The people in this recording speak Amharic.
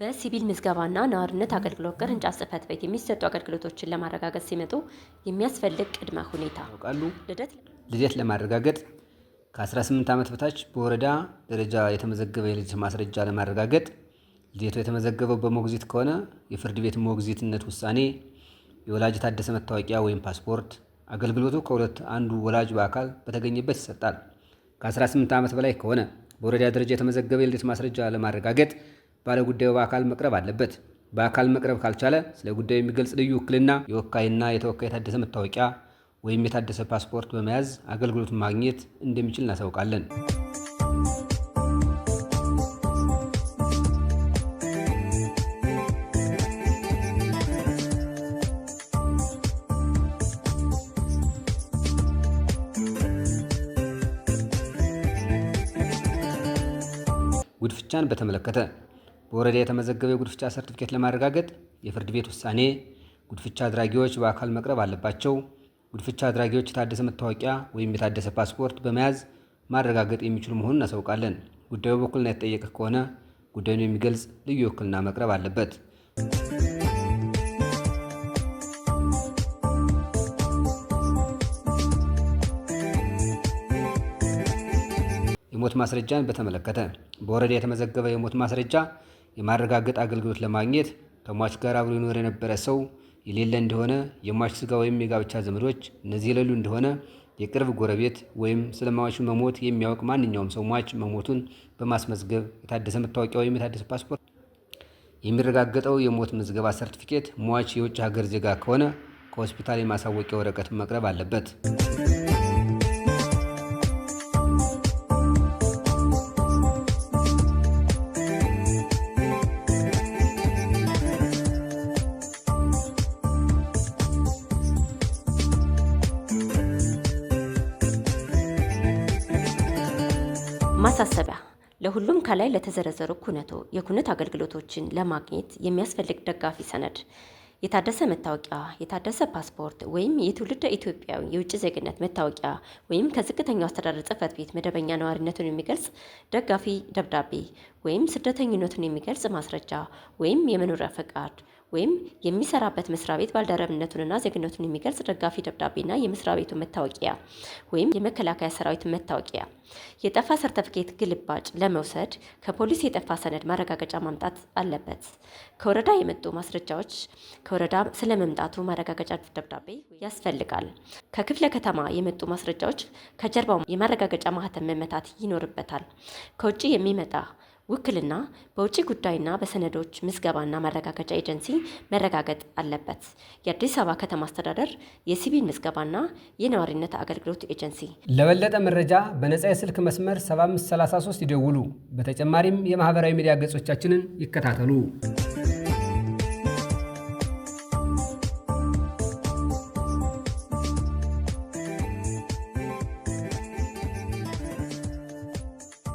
በሲቪል ምዝገባና ነዋሪነት አገልግሎት ቅርንጫፍ ጽሕፈት ቤት የሚሰጡ አገልግሎቶችን ለማረጋገጥ ሲመጡ የሚያስፈልግ ቅድመ ሁኔታ ቃሉ ልደት ለማረጋገጥ ከ18 ዓመት በታች በወረዳ ደረጃ የተመዘገበ የልጅ ማስረጃ ለማረጋገጥ ልደቱ የተመዘገበው በሞግዚት ከሆነ የፍርድ ቤት ሞግዚትነት ውሳኔ፣ የወላጅ የታደሰ መታወቂያ ወይም ፓስፖርት። አገልግሎቱ ከሁለት አንዱ ወላጅ በአካል በተገኘበት ይሰጣል። ከ18 ዓመት በላይ ከሆነ በወረዳ ደረጃ የተመዘገበ የልደት ማስረጃ ለማረጋገጥ ባለጉዳዩ በአካል መቅረብ አለበት። በአካል መቅረብ ካልቻለ ስለ ጉዳዩ የሚገልጽ ልዩ ውክልና፣ የወካይና የተወካይ የታደሰ መታወቂያ ወይም የታደሰ ፓስፖርት በመያዝ አገልግሎቱን ማግኘት እንደሚችል እናሳውቃለን። ጉድፍቻን በተመለከተ በወረዳ የተመዘገበ የጉድፍቻ ሰርቲፊኬት ለማረጋገጥ የፍርድ ቤት ውሳኔ፣ ጉድፍቻ አድራጊዎች በአካል መቅረብ አለባቸው። ጉድፍቻ አድራጊዎች የታደሰ መታወቂያ ወይም የታደሰ ፓስፖርት በመያዝ ማረጋገጥ የሚችሉ መሆኑን እናሳውቃለን። ጉዳዩ በውክልና የተጠየቀ ከሆነ ጉዳዩን የሚገልጽ ልዩ ውክልና መቅረብ አለበት። የሞት ማስረጃን በተመለከተ በወረዳ የተመዘገበ የሞት ማስረጃ የማረጋገጥ አገልግሎት ለማግኘት ከሟች ጋር አብሮ ይኖር የነበረ ሰው የሌለ እንደሆነ የሟች ስጋ ወይም የጋብቻ ዘመዶች እነዚህ የሌሉ እንደሆነ የቅርብ ጎረቤት ወይም ስለ ሟቹ መሞት የሚያውቅ ማንኛውም ሰው ሟች መሞቱን በማስመዝገብ የታደሰ መታወቂያ ወይም የታደሰ ፓስፖርት የሚረጋገጠው የሞት ምዝገባ ሰርቲፊኬት ሟች የውጭ ሀገር ዜጋ ከሆነ ከሆስፒታል የማሳወቂያ ወረቀት መቅረብ አለበት። ማሳሰቢያ ለሁሉም ከላይ ለተዘረዘሩ ኩነቶ የኩነት አገልግሎቶችን ለማግኘት የሚያስፈልግ ደጋፊ ሰነድ የታደሰ መታወቂያ፣ የታደሰ ፓስፖርት ወይም የትውልደ ኢትዮጵያዊ የውጭ ዜግነት መታወቂያ ወይም ከዝቅተኛው አስተዳደር ጽህፈት ቤት መደበኛ ነዋሪነቱን የሚገልጽ ደጋፊ ደብዳቤ ወይም ስደተኝነቱን የሚገልጽ ማስረጃ ወይም የመኖሪያ ፈቃድ ወይም የሚሰራበት መስሪያ ቤት ባልደረብነቱንና ዜግነቱን የሚገልጽ ደጋፊ ደብዳቤና የመስሪያ ቤቱ መታወቂያ ወይም የመከላከያ ሰራዊት መታወቂያ፣ የጠፋ ሰርተፍኬት ግልባጭ ለመውሰድ ከፖሊስ የጠፋ ሰነድ ማረጋገጫ ማምጣት አለበት። ከወረዳ የመጡ ማስረጃዎች፣ ከወረዳ ስለመምጣቱ ማረጋገጫ ደብዳቤ ያስፈልጋል። ከክፍለ ከተማ የመጡ ማስረጃዎች፣ ከጀርባው የማረጋገጫ ማህተም መመታት ይኖርበታል። ከውጭ የሚመጣ ውክልና በውጭ ጉዳይና በሰነዶች ምዝገባና ማረጋገጫ ኤጀንሲ መረጋገጥ አለበት። የአዲስ አበባ ከተማ አስተዳደር የሲቪል ምዝገባና የነዋሪነት አገልግሎት ኤጀንሲ። ለበለጠ መረጃ በነጻ የስልክ መስመር 7533 ይደውሉ። በተጨማሪም የማህበራዊ ሚዲያ ገጾቻችንን ይከታተሉ።